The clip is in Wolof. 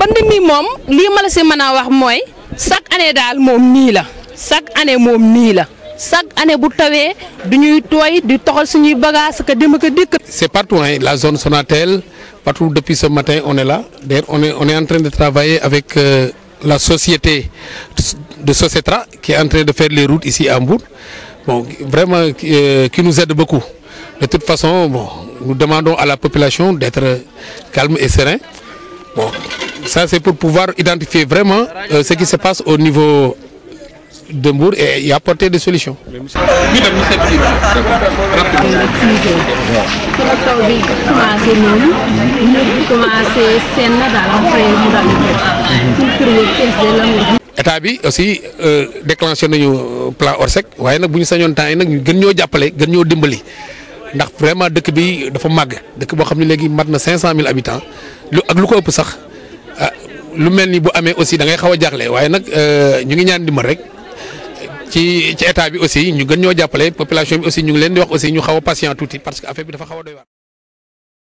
mbënd mi moom lii ma la si mën wax moy chaque année dal mom ni la chaque année mom ni la chaque année bu tawé duñuy toy tooy di toxal suñuy bagage que dem ko dik c'est partout hein, la zone Sonatel partout depuis ce matin on est là d'ailleurs on est on est en train de travailler avec. Euh, la société de Socetra qui est en train de faire les routes ici à Hambourg. Bon, vraiment, euh, qui, nous aide beaucoup. De toute façon, nous demandons à la population d'être calme et serein. Bon, ça c'est pour pouvoir identifier vraiment euh, ce qui se passe au niveau de Mbour et y apporter des solutions. Euh, état bi aussi euh, déclenché nañu euh, plan Orsec waye nak buñu sañon sañoon temps yi gën ñoo jappalé gën ñoo dimbali ndax vraiment dëkk bi dafa mag dëkk bo xamni légui matna mat 500000 habitants lu ak lu ko ëpp sax ah, lu melni bu amé aussi da ngay xawa jaxlé waye nak ñu ngi ñaan dimbal rek. ci ci état bi aussi ñu gën ñoo jàppale population bi aussi ñu leen di wax aussi ñu xaw a patient tuuti parce que affaire bi dafa xaw a doy